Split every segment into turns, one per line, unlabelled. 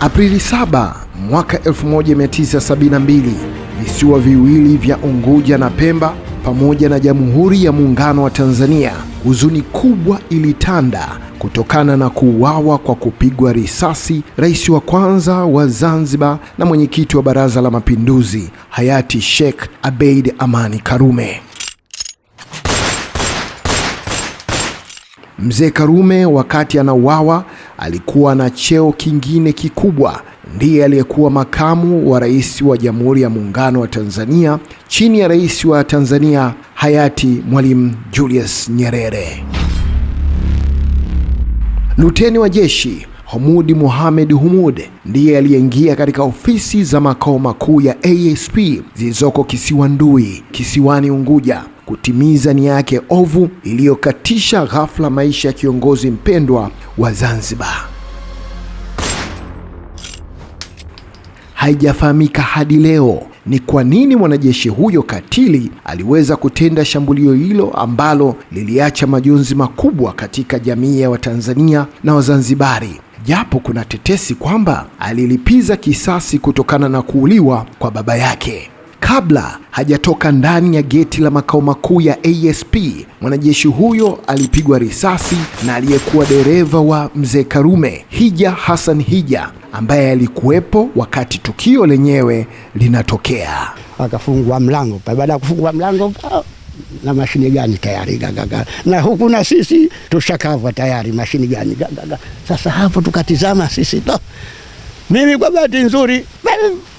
Aprili 7 mwaka 1972, visiwa viwili vya Unguja na Pemba pamoja na Jamhuri ya Muungano wa Tanzania, huzuni kubwa ilitanda kutokana na kuuawa kwa kupigwa risasi rais wa kwanza wa Zanzibar na mwenyekiti wa Baraza la Mapinduzi hayati Sheikh Abeid Amani Karume. Mzee Karume wakati anauawa alikuwa na cheo kingine kikubwa. Ndiye aliyekuwa makamu wa rais wa Jamhuri ya Muungano wa Tanzania chini ya rais wa Tanzania hayati Mwalimu Julius Nyerere. Luteni wa jeshi Humudi Mohamed Humud ndiye aliyeingia katika ofisi za makao makuu ya ASP zilizoko Kisiwa Ndui, Kisiwani Unguja kutimiza nia yake ovu iliyokatisha ghafla maisha ya kiongozi mpendwa wa Zanzibar. Haijafahamika hadi leo ni kwa nini mwanajeshi huyo katili aliweza kutenda shambulio hilo ambalo liliacha majonzi makubwa katika jamii ya Watanzania na Wazanzibari japo kuna tetesi kwamba alilipiza kisasi kutokana na kuuliwa kwa baba yake. Kabla hajatoka ndani ya geti la makao makuu ya ASP, mwanajeshi huyo alipigwa risasi na aliyekuwa dereva wa mzee Karume, Hija Hassan Hija, ambaye alikuwepo wakati tukio lenyewe linatokea.
Akafungua mlango, baada ya kufungua mlango na mashine gani tayari gagaga, na huku na sisi tushakavwa tayari mashine gani gagaga. Sasa hapo tukatizama sisi to mimi kwa bahati nzuri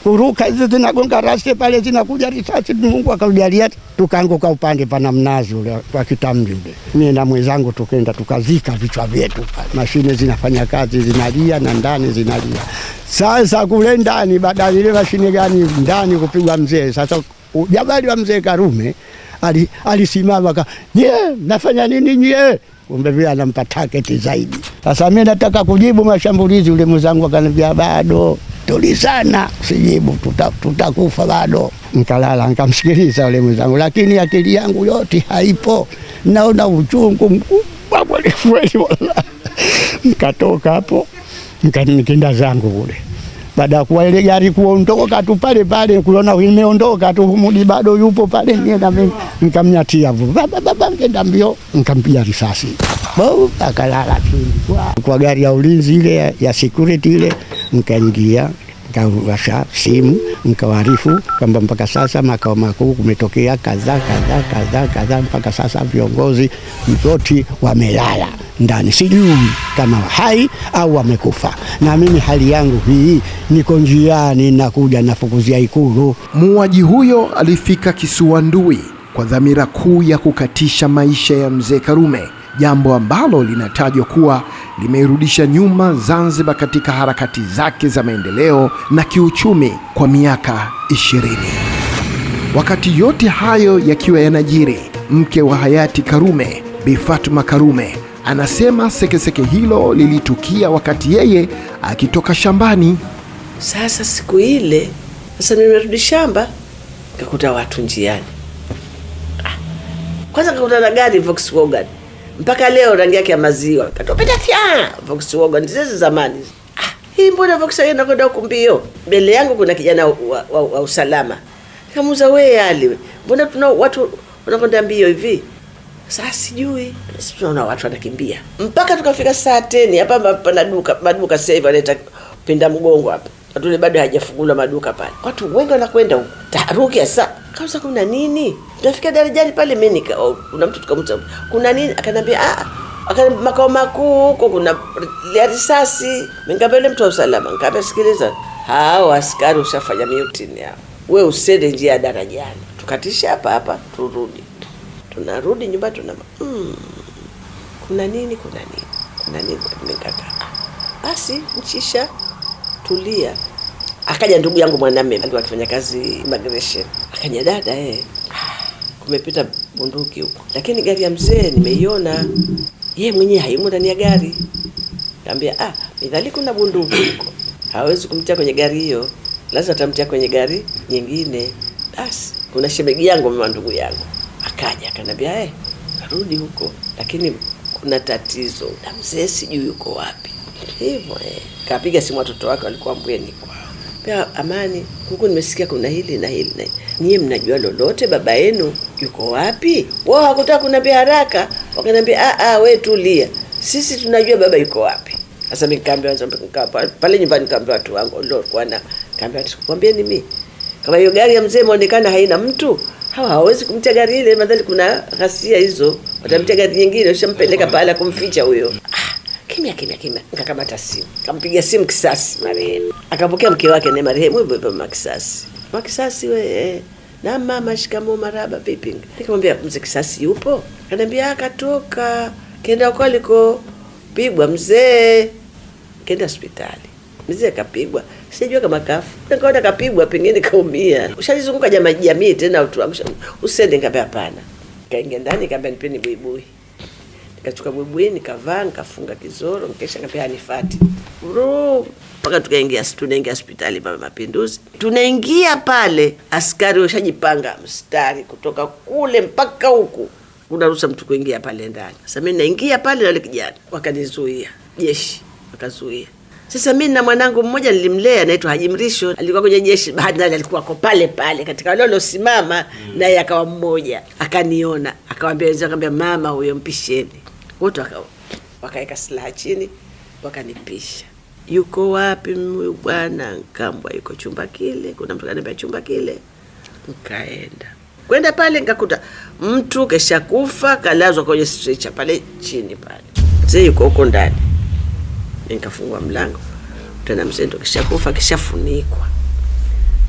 kuruka hizo zinagonga rasi pale, zinakuja risasi. Mungu akaujalia tukaanguka upande pana mnazi ule kwa kitambi ule, mimi na mwenzangu tukenda tukazika vichwa vyetu. Mashine zinafanya kazi, zinalia na ndani zinalia. Sasa kule ndani, baada ile mashine gani ndani kupigwa mzee. Sasa jabali wa mzee Karume alisimama ali ka nyie, nafanya nini nyie? Kumbe vile anampa target zaidi. Sasa mimi nataka kujibu mashambulizi, yule mwenzangu akaniambia bado tulizana, sijibu, tutakufa tuta bado. Nikalala nikamsikiliza yule mwenzangu, lakini akili yangu yote haipo, naona uchungu mkubwa kweli kweli. Nikatoka hapo nikaenda zangu kule baada ya kuwa ile gari kuondoka tu pale pale, kuliona imeondoka tu, humudi bado yupo pale, nienda mimi nikamnyatia hapo, baba baba, mbio, nikampiga risasi bau, akalala chini kwa, kwa gari ya ulinzi ile ya, security ile, nikaingia nikawasha simu nikawaarifu kwamba mpaka sasa makao makuu kumetokea kadhaa kadhaa kadhaa kadhaa, mpaka sasa viongozi mtoti wamelala ndani, sijui kama hai au wamekufa. Na mimi hali yangu hii, niko njiani nakuja nafukuzia Ikulu.
Muuaji huyo alifika kisiwa Ndui kwa dhamira kuu ya kukatisha maisha ya mzee Karume, jambo ambalo linatajwa kuwa limeirudisha nyuma Zanzibar katika harakati zake za maendeleo na kiuchumi kwa miaka ishirini. Wakati yote hayo yakiwa yanajiri, mke wa hayati Karume Bi Fatuma Karume Anasema sekeseke seke hilo lilitukia wakati yeye akitoka shambani.
Sasa siku ile, sasa nimerudi narudi shamba, nikakuta watu njiani. Ah, kwanza kakuta na gari Volkswagen, mpaka leo rangi yake ya maziwa katopita fya Volkswagen zizi zamani. Ah, hii mbona Volkswagen inakwenda huku mbio? Mbele yangu kuna kijana wa, wa, wa, usalama, nikamuuza wewe, yale mbona tuna watu wanakwenda mbio hivi? saa sijui siona watu wanakimbia mpaka tukafika saa teni hapa pana duka maduka sasa hivi wanaita pinda mgongo hapa atule bado hajafungula maduka pale, watu wengi wanakwenda huko. Taharuki sasa, kausa kuna nini? Tunafika darajani pale, mimi nika oh, kuna mtu tukamta, kuna nini? Akanambia ah, akanambia makao makuu huko kuna ya risasi. Nikamwambia yule mtu wa usalama, nikamwambia sikiliza, hao askari ushafanya mutiny hao, wewe usende njia ya darajani, tukatisha hapa hapa turudi tunarudi nyumbani tuna mm, kuna nini kuna nini kuna nini nimekata. basi mchisha tulia. Akaja ndugu yangu mwanamume alikuwa akifanya kazi immigration, akaja dada eh, kumepita bunduki huko, lakini gari ya mzee nimeiona, yeye mwenyewe haimo ndani ya gari. Kaambia ah, midhali kuna bunduki huko, hawezi kumtia kwenye gari hiyo, lazima atamtia kwenye gari nyingine. Basi kuna shemegi yangu mama ndugu yangu Akaja akaniambia eh, karudi huko, lakini kuna tatizo na mzee sijui yuko wapi. Hivyo eh, kapiga simu watoto wake walikuwa Mbweni kwao, pia Amani, huku nimesikia kuna hili na hili na nyie mnajua lolote? Baba yenu yuko wapi? Wao hakutaka kuniambia haraka, wakaniambia a ah, a, ah, wewe tulia, sisi tunajua baba yuko wapi. Sasa mimi nikaambia pale nyumbani, nikaambia watu wangu ndio kwa na kaambia, sikwambia ni mimi kama hiyo gari ya mzee imeonekana haina mtu, hawa hawawezi kumtia gari ile, madhali kuna ghasia hizo, watamtia gari nyingine, ushampeleka pahala kumficha huyo. Ah, kimya kimya kimya, nikakamata simu, kampiga simu Kisasi marehemu, akapokea mke wake ne marehemu hivyo hivyo, mama Kisasi, we eh. Na mama, shikamo Maraba, vipi? Nikamwambia mzee Kisasi yupo? kanaambia akatoka, ah, kenda uko alikopigwa mzee, kenda hospitali mzee kapigwa, sijui kama kafu, nikaona kapigwa, pengine kaumia. Ushalizunguka jamii jamii tena, utu usende. Nikamwambia hapana, kaingia ndani, nikamwambia nipeni buibui, nikachukua buibui, nikavaa, nikafunga kizoro, nikesha, Nikamwambia anifati ru mpaka tukaingia, tunaingia hospitali Mama Mapinduzi. Tunaingia pale, askari washajipanga mstari kutoka kule mpaka huku unaruhusa mtu kuingia pale ndani. Sasa mimi naingia pale na wale kijana wakanizuia, jeshi wakazuia sasa mimi na mwanangu mmoja nilimlea, anaitwa Haji Mrisho, alikuwa kwenye jeshi, bahati naye alikuwa ako pale pale katika wale waliosimama mm. naye akawa mmoja, akaniona akawambia wenzake, akambia mama huyo mpisheni. Wote wakaweka silaha chini, wakanipisha. Yuko wapi huyu bwana? Nkambwa yuko chumba kile, kuna mtu kaniambia chumba kile, nkaenda kwenda pale nkakuta mtu kesha kufa, kalazwa kwenye stretcher pale chini pale, mzee yuko huko ndani nikafungua mlango tena, mzee ndo kishakufa kishafunikwa,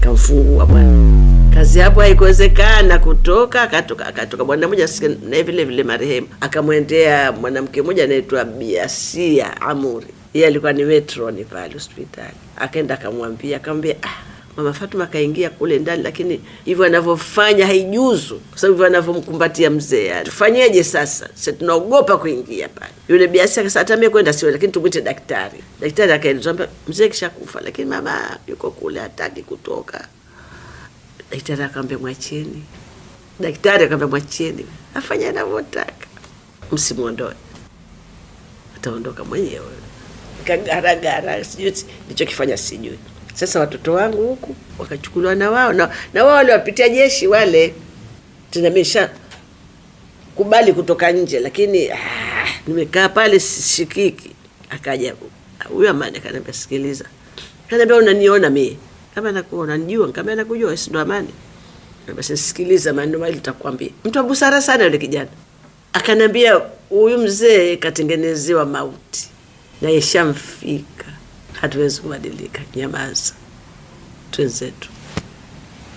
kamfungua bwana. Kazi hapo haikuwezekana kutoka, akatoka akatoka bwana mmoja na vile vile marehemu akamwendea mwanamke mmoja anaitwa Biasia Amuri, yeye alikuwa ni metroni pale hospitali, akaenda akamwambia akamwambia ah Mama Fatuma akaingia kule ndani, lakini hivyo anavyofanya haijuzu, kwa sababu hivyo anavyomkumbatia mzee. yani Tufanyeje sasa? Sasa tunaogopa kuingia pale. Yule biasi akasema hata mimi kwenda siwe, lakini tumwite daktari. Daktari akaeleza kwamba mzee kishakufa, lakini mama yuko kule, hataki kutoka. Daktari akamwambia mwacheni. Daktari akamwambia mwacheni, afanye anavyotaka, msimuondoe, ataondoka mwenyewe. Kagaragara, sijui ndicho kifanya, sijui sasa watoto wangu huku wakachukuliwa na wao na, na wao waliwapitia jeshi wale, mesha kubali kutoka nje, lakini ah, nimekaa pale sishikiki. Akaja huyo Amani akaniambia, sikiliza, kanambia unaniona mie kama nakuona nijua, kama nakujua, si ndo Amani? Basi sikiliza, maneno mali nitakwambia. Mtu wa busara sana yule kijana akanambia, huyu mzee katengenezewa mauti na yeshamfika hatuwezi kubadilika, nyamaza, twenzetu.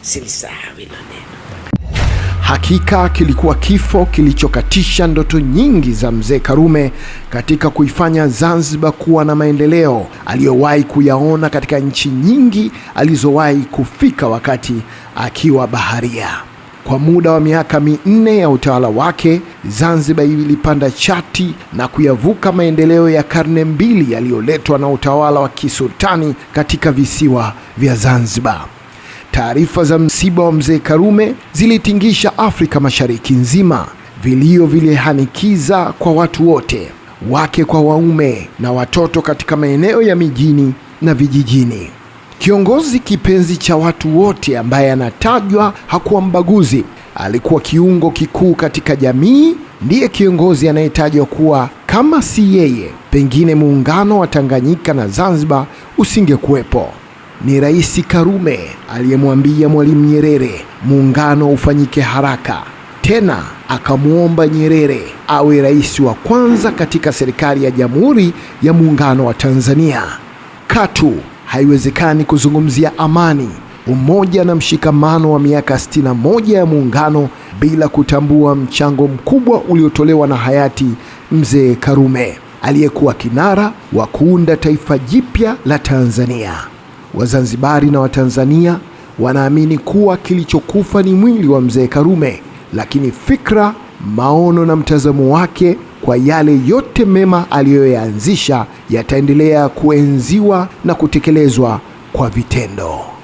Silisahau hilo neno.
Hakika kilikuwa kifo kilichokatisha ndoto nyingi za mzee Karume katika kuifanya Zanzibar kuwa na maendeleo aliyowahi kuyaona katika nchi nyingi alizowahi kufika wakati akiwa baharia. Kwa muda wa miaka minne ya utawala wake, Zanzibar ilipanda chati na kuyavuka maendeleo ya karne mbili yaliyoletwa na utawala wa kisultani katika visiwa vya Zanzibar. Taarifa za msiba wa mzee Karume zilitingisha Afrika Mashariki nzima. Vilio vilihanikiza kwa watu wote, wake kwa waume na watoto, katika maeneo ya mijini na vijijini. Kiongozi kipenzi cha watu wote ambaye anatajwa hakuwa mbaguzi, alikuwa kiungo kikuu katika jamii. Ndiye kiongozi anayetajwa kuwa kama si yeye, pengine muungano wa Tanganyika na Zanzibar usingekuwepo. Ni Rais Karume aliyemwambia Mwalimu Nyerere muungano ufanyike haraka, tena akamwomba Nyerere awe rais wa kwanza katika serikali ya Jamhuri ya Muungano wa Tanzania. Katu haiwezekani kuzungumzia amani, umoja na mshikamano wa miaka 61 ya Muungano bila kutambua mchango mkubwa uliotolewa na hayati Mzee Karume aliyekuwa kinara wa kuunda taifa jipya la Tanzania. Wazanzibari na Watanzania wanaamini kuwa kilichokufa ni mwili wa Mzee Karume, lakini fikra, maono na mtazamo wake kwa yale yote mema aliyoyaanzisha yataendelea kuenziwa na kutekelezwa kwa vitendo.